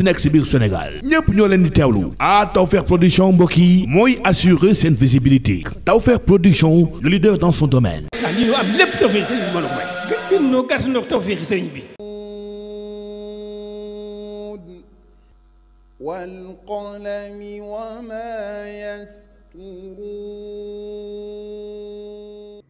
munti nekk si biir Sénégal ñépp ñoo leen di teewlu ah Tawfekh production mbokk yi mooy assurer seen visibilité Tawfekh production le leader dans son domaine. ah lii ñu am lépp Tawfekh sëriñ bi mën a may. gën noo gàtt noo Tawfekh sëriñ bi.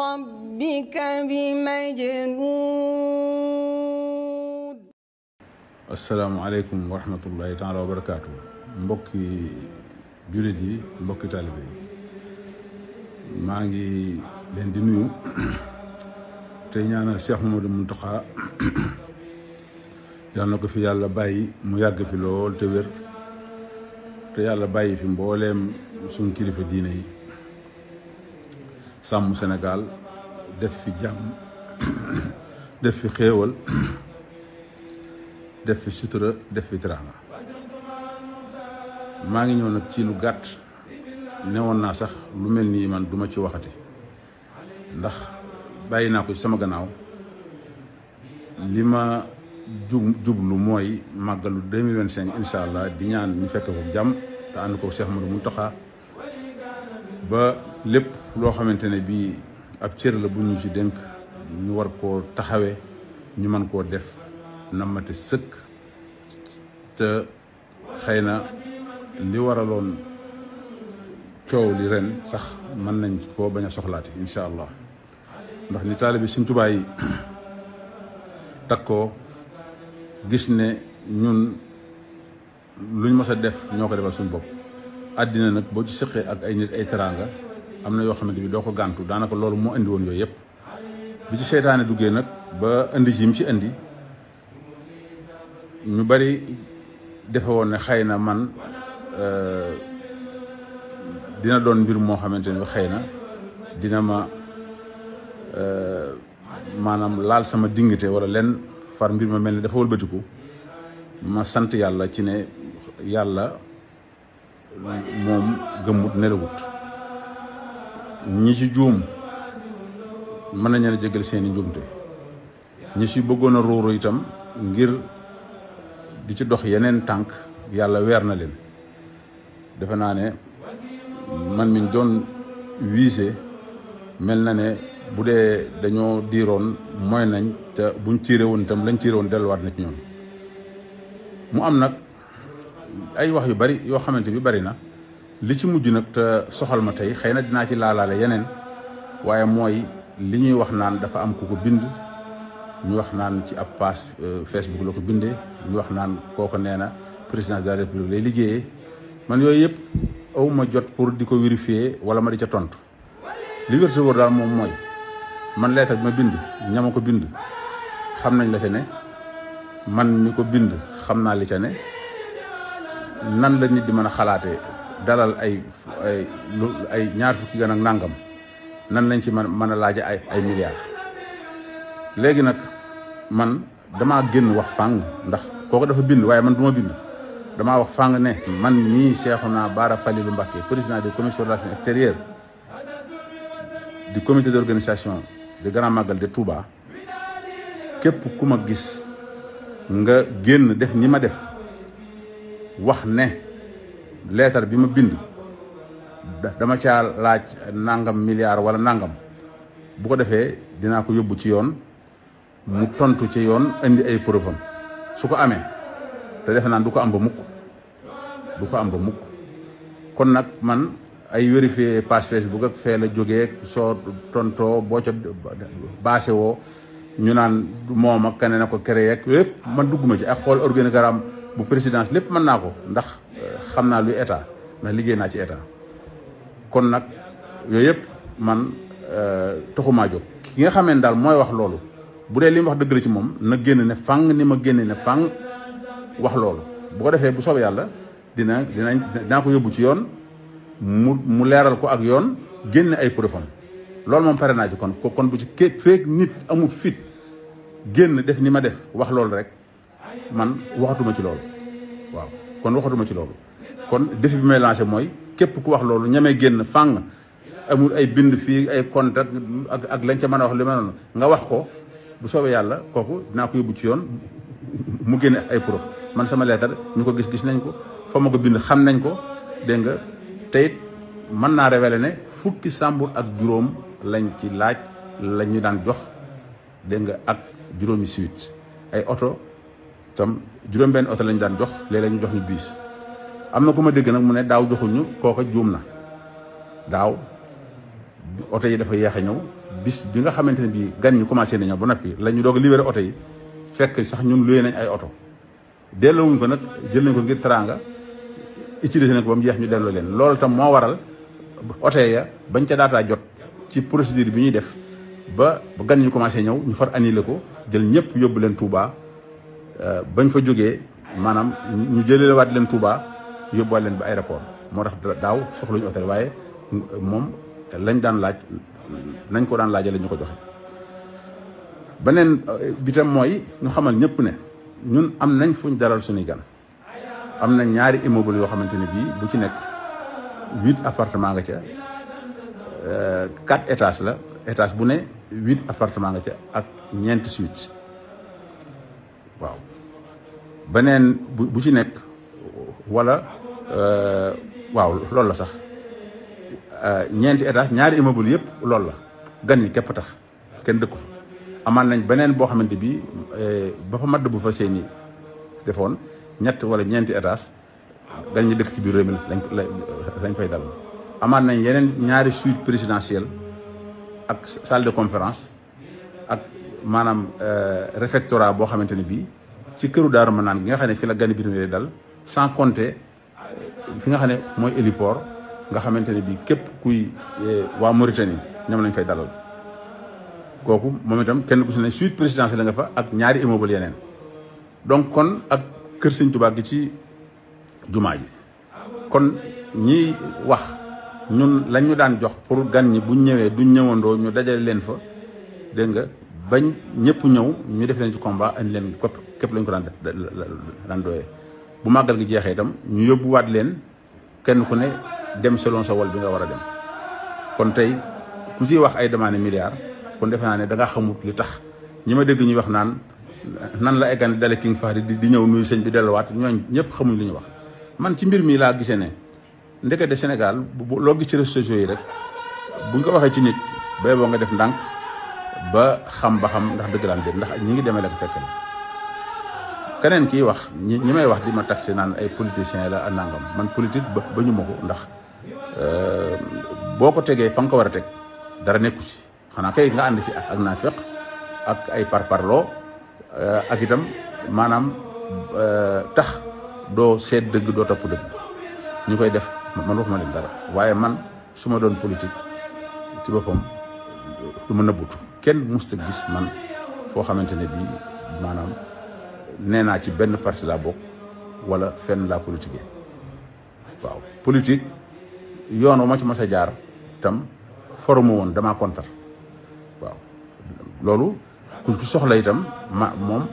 rabbika bi majnuun asalaamaaleykum wa rahmatullahi taala barakaatu mbokki jullit yi mbokki taalibe yi maa ngi leen di nuyu te ñaanal Cheikh Mamadou Mountakha yal na ko fi yàlla bàyyi mu yàgg fi lool te wér te yàlla bàyyi fi mbooleem sun kilifa diine yi sàmm Sénégal def fi jàmm def fi xéewal def fi sutura def fi teraanga maa ngi ñëw nag ci lu gàtt newoon naa sax lu mel nii man duma ci waxati ndax bàyyi naa ko ci sama gannaaw li ma jub lu mooy màggalu 2025 incha allah di ñaan ñu fekk ko jàmm te ànd ko Cheikh Modou Mountakha ba lépp loo xamante ne bii ab cër la bu ñu ci dénk ñu war koo taxawee ñu man koo def nammate sëkk te xëy na li waraloon coow li ren sax mën nañ koo bañ a soxlaati incha allah ndax ni taalibe Sëriñ Tuubaa yi takkoo gis ne ñun luñ mës a def ñoo ko defal suñu bopp àddina nag boo ci sëqee ak ay nit ay teraanga am na yoo xamante bi doo ko gàntu daanaka loolu moo indi woon yooyu yëpp bi ci seytaane duggee nag ba indi ji mu ci indi ñu bari defe woon ne xëy na man euh, dina doon mbir moo xamante ne xëy na dina ma euh, maanaam laal sama dignité wala lenn far mbir ma mel ni dafa wëlbatiku ma sant yàlla ci ne yàlla moom gëmmut nelawut ñi ci juum mën nañu leen jéggal seeni njuumte ñi ci bëggoon a ruuru itam ngir di ci dox yeneen tànk yàlla weer na leen defe naa ne man mi doon wiise mel na ne bu dee dañoo diiroon mooy nañ te buñ ciire woon itam lañ ciire woon delluwaat na ci ñoom mu am nag ay wax yu bari yoo xamante bi bari na li ci mujj nag te soxal ma tey xëy na dinaa ci laalaale yeneen waaye mooy li ñuy wax naan dafa am ku ko bind ñu wax naan ci ab page euh, Facebook la ko bindee ñu wax naan kooko nee na présidence de la république lay liggéeyee man yooyu yëpp awma jot pour di ko vérifier wala ma di ca tontu li wér daal moom mooy man lettre bi ma bind ñama ko bind xam nañ la ca ne man ñu ko bind xam naa li ca ne nan la nit di mën a xalaatee dalal ay ay ñaar fukki gan ak nangam nan lañ ci mën mën a laaje ay ay milliards léegi nag man damaa génn wax fàng ndax kooku dafa bind waaye man du bind damaa wax fàng ne man nii Cheikhouna Bara Falilou Mbacké président du commission des relations extérieures du comité d'organisation du Grand Magal de Touba képp ku ma gis nga génn def ni ma def wax ne leetar bi ma bind dama caa laaj nangam milliard wala nangam bu ko defee dinaa ko yóbbu ci yoon mu tontu ci yoon indi ay preuve su ko amee te defe naan du ko am ba mukk du ko am ba mukk kon nag man ay wérifier page Facebook ak fee la jógee soo tontoo boo ca baase woo ñu naan moom ak keneen a ko créé ak yëpp man dugguma ci ak xool organigramme bu présidence lépp mën naa ko ndax xam naa luy état mais liggéey naa ci état kon nag yooyu yëpp man euh, taxumaa jóg ki nga xamee ne daal mooy wax loolu bu dee lim wax dëgg la ci moom na génn ne fang ni ma génne ne fang wax loolu bu ko defee bu soobee yàlla dina dina dinaa ko yóbbu ci yoon mu mu leeral ko ak yoon génne ay preuve loolu moom pare naa ci kon kon bu ci ké feeg nit amut fit génn def ni ma def wax loolu rek man waxatuma ci loolu waaw kon waxatuma ci loolu kon défi bi may lancé mooy képp ku wax loolu ñame génn fàng amul ay bind fii ay contact ak ak lañ ca mën a wax li ma noonu nga wax ko bu soobee yàlla kooku dinaa ko yóbbu ci yoon mu génne ay preuve man sama leetar ñu ko gis gis nañ ko fa ma ko bind xam nañ ko dégg nga teyit mën naa révélé ne fukki sàmbur ak juróom lañ ci laaj lañ ñu daan jox dégg nga ak juróomi suite ay oto tam juróom benn oto lañ daan jox léeg-léeg ñu jox ñu biis am na ku ma dégg nag mu ne daaw joxuñu kooka juum na daaw oto yi dafa yeex a ñëw bis bi nga xamante ne bii gan ñu commencé na ñëw ba noppi la ñu doog a libéré oto yi fekk sax ñun luyee nañ ay oto delloowuñ ko nag jël nañ ko ngir teraanga utilisé nag ko ba mu jeex ñu delloo leen loolu tam moo waral oto ya bañ ca daataa jot ci procédure bi ñuy def ba gan ñu commencé ñëw ñu far annulé ko jël ñëpp yóbbu leen Touba. Euh, bañ fa jógee maanaam ñu jëlee waat leen Touba yóbbuwaat leen ba aéroport moo tax daaw soxluñu hôtel waaye moom lañ daan laaj nañ ko daan laajee la ñu ko joxe. beneen euh, bi tam mooy ñu xamal ñëpp ne ñun am nañ fuñ daral suñuy gan am na ñaari immeuble yoo xamante ne bii bu ci nekk huit appartement nga ca euh, quatre étages la étage bu ne huit apartement nga ca ak ñeenti suite waaw beneen bu ci nekk wala euh, waaw loolu la sax euh, ñeenti étage ñaari immeuble yëpp loolu la gan yi képp tax kenn dëkku fa amaan nañ beneen boo xamante bi euh, ba fa madd bu fa seeni defoon ñett wala ñeenti étage gan ñi dëkk fi biir réew mi lañ lañ fay dal amaan nañ yeneen ñaari suite présidentielle ak salle de conférence ak maanaam euh, réfectorat boo xamante ne bii ci këru Daaru Manaan bi nga xam ne fi la gani bitim réew dal sans compter euh, fi nga xam ne mooy héliport nga xamante ne bii képp kuy euh, waa Mauritanie ñoom lañ fay dalal kooku moom itam kenn ku si ne suite présidentielle la nga fa ak ñaari immeuble yeneen donc kon ak kër Sëñ Tuubaa gi ci jumaa ji kon ñiy wax ñun lañ ñu daan jox pour gan ñi bu ñëwee duñ ñëwandoo ñu dajale leen fa dégg nga bañ ñëpp ñëw ñu def leen ci combat andi leen képp képp lañ ko daan daan doyee bu màggal gi jeexee itam ñu yóbbuwaat leen kenn ku ne dem selon sa wol bi nga war a dem kon tey ku ciy wax ay demande milliards kon defe naa ne da nga xamut li tax ñu ma dégg ñuy wax naan nan la ay gan dale ki nga fax di di ñëw nuyu sëñ bi delluwaat ñooñ ñëpp xamuñ lu ñu wax man ci mbir mi laa gisee ne ndekete Sénégal loo gis ci réseaux sociaux yi rek buñ ko waxee ci nit bay boo nga def ndànk ba xam ba xam ndax dëgg la am déet ndax ñi ngi demee la ko fekk la keneen kii wax ñi ñi may wax di ma taxé naan ay politicien la nangam man politique ba ba ñu ma ko ndax euh, boo ko tegee fa nga ko war a teg dara nekku ci xanaa kay nga ànd fi ak naafeq ak ay parparloo euh, ak itam maanaam euh, tax doo seet dëgg doo topp dëgg ñu koy def man waxuma leen dara waaye man su ma doon politique ci boppam du ma but kenn musta gis man foo xamante ne bii maanaam nee naa ci benn parti laa bokk wala fenn laa politique waaw politique yoon wu ma ci mas a jaar tam forme woon damaa kontar waaw loolu ku ci soxla itam ma moom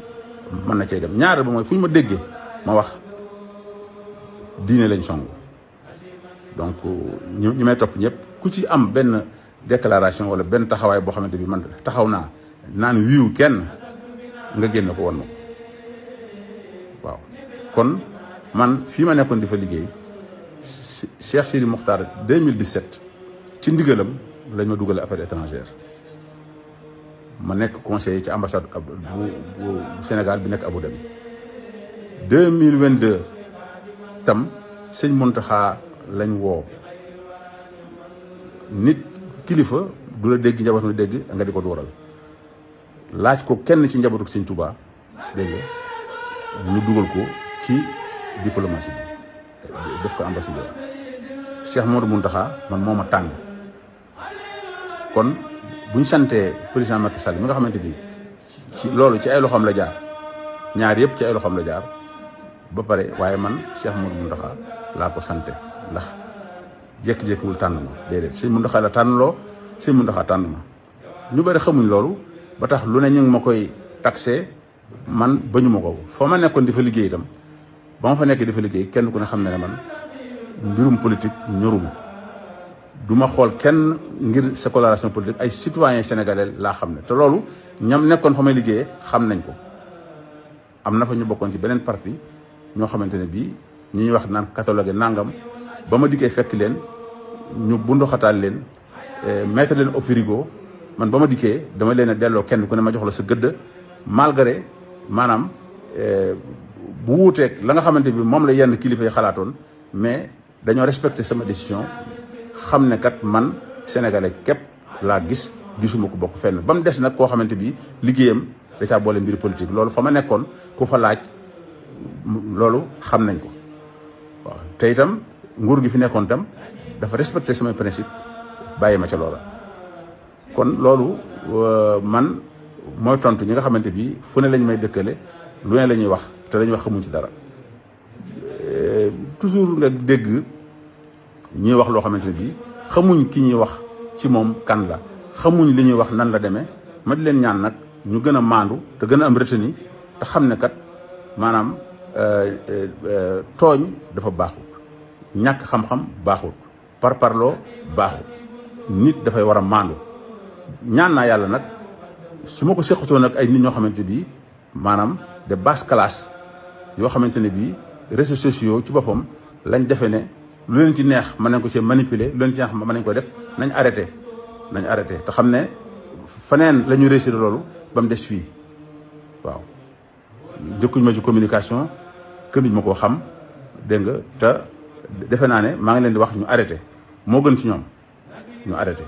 mën na cay dem ñaar ba mooy fu ñu ma déggee ma wax diine lañ song donc ñu ñu may topp ñëpp ku ci am benn déclaration wala benn taxawaay boo xamante bi man taxaw naa naan wiiw kenn nga génne ko woon ma waaw kon man fii ma nekkoon di fa liggéey Cheikh Sidi Mokhtar 2017 ci ndigalam lañ ma dugal affaire étrangère ma nekk conseil ci ambassade bu Sénégal bi nekk Abu Dhabi 2022 tam sëñ Mountakha lañ woo nit kilifa du la dégg njabootam di dégg nga di ko dooral laaj ko kenn ci njabootu sëñ Touba dégg nga ñu dugal ko ci diplomatie bi def ko ambassadeur Cheikh Modou Mountakha man moo ma tànn kon bu ñu santee président Macky Sall mi nga xamante ni ci loolu ci ay loxoom la jaar ñaar yëpp ci ay loxoom la jaar ba pare waaye man Cheikh Modou Mountakha laa ko sante ndax. jékki-jékkiwul tànn ma déedéet sëñ Muntaxa la tànn loo sëñ Muntaxa tànn ma ñu bari xamuñ loolu ba tax lu ne ñu ngi ma koy taxé man bañuma ko foo ma nekkoon di fa liggéey itam ba ma fa nekk di fa kenn ku ne xam ne ne man mbirum politique ñoruma duma xool kenn ngir sa coloration politique ay citoyen sénégalais laa xam ne te loolu ñam nekkoon fa may liggéeyee xam nañ ko am na fa ñu bokkoon ci beneen parti ñoo xamante ne bii ñi ñuy wax naan catalogue nangam ba ma dikkee fekk leen ñu bundoxataal leen eh, mettre leen au frigo man ba ma dikkee dama leen a delloo kenn ku ne ma jox la sa gëdd malgré maanaam eh, bu wuuteeg la nga xamante bi moom la yenn kilifa yi xalaatoon mais dañoo respecté sama décision xam ne kat man sénégalais képp laa gis gisuma ko bokk fenn ba mu des nag koo xamante bi liggéeyam da caa boole mbir politique loolu fa ma nekkoon ku fa laaj loolu xam nañ ko waaw nguur gi fi nekkoon tam dafa respecté samay principe bàyyi ma ca loola. kon loolu euh, man mooy tontu ñi nga xamante bii fu ne lañ may dëkkale lu ne la ñuy wax te la ñuy wax xamuñ ci dara euh, toujours nga dégg ñuy wax loo xamante ne bi xamuñ ki ñuy wax ci moom kan la xamuñ li ñuy wax nan la demee ma leen ñaan nag ñu gën a maandu te gën a am retenu xam ne kat maanaam euh, tooñ dafa baaxu ñàkk xam-xam baaxul par parloo baaxul nit dafay war a maandu ñaan naa yàlla nag su ma ko seqatoo nag ay nit ñoo xamante bi maanaam de basse classe yoo xamante ne bii réseaux sociaux ci boppam lañ defe ne lu leen ci neex mën nañ ko ci manipuler lu leen ci neex mën nañ ko def nañ arrêté nañ arrêté te xam ne feneen la ñu loolu ba des fii waaw jëkkuñ ma ci communication kënuñ ma koo xam dégg te defe naa ne maa ngi leen di wax ñu arrêté moo gën ci ñoom ñu arrêté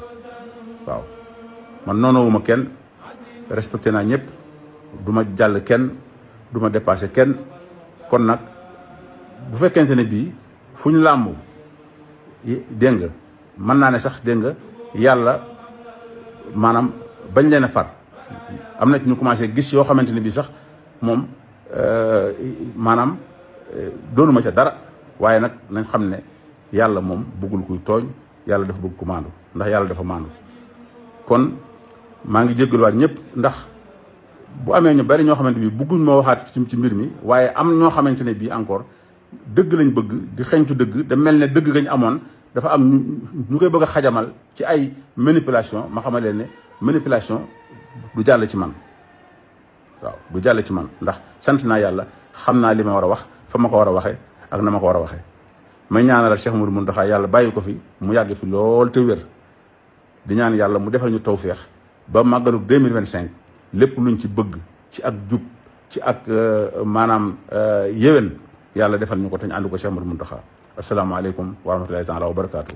waaw man noonoowuma kenn respecté naa ñëpp du ma jàll kenn du ma dépassé kenn kon nag bu fekkente ne bii fu ñu làmb dégg nga mën naa ne sax dégg nga yàlla maanaam bañ leen a far am na ñu commencé gis yoo xamante ne bii sax moom euh, maanaam euh, doonuma ca dara waaye nag nañ xam ne yàlla moom bëggul kuy tooñ yàlla dafa bëgg ku maandu ndax yàlla dafa maandu kon maa ngi jégaluwaat ñëpp ndax bu amee ñu bari ñoo xamante bi bëgguñ moo waxaat ci ci mbir mi waaye am ñoo xamante ne bii encore dëgg lañ bëgg di xeñtu dëgg da mel ne dëgg gañ amoon dafa am ñu ñu koy bëgg a xajamal ci ay manipulation ma xamal ne manipulation du jàll ci man waaw du jàll ci man ndax sant naa yàlla xam naa li ma war a wax fa ma ko war a waxee ak na ma ko war a waxee may ñaanal Cheikh Mourou Mountakha yàlla bàyyi ko fi mu yàgg fi lool te wér di ñaan yàlla mu defal ñu tawféex ba màggalu 2025 lépp luñ ci bëgg ci ak jub ci ak euh, maanaam euh, yéwén yàlla defal ñu ko te ñu ànd ko Cheikh Mourou Mountakha asalaamaaleykum wa rahmatullahi taala wa barakaatu.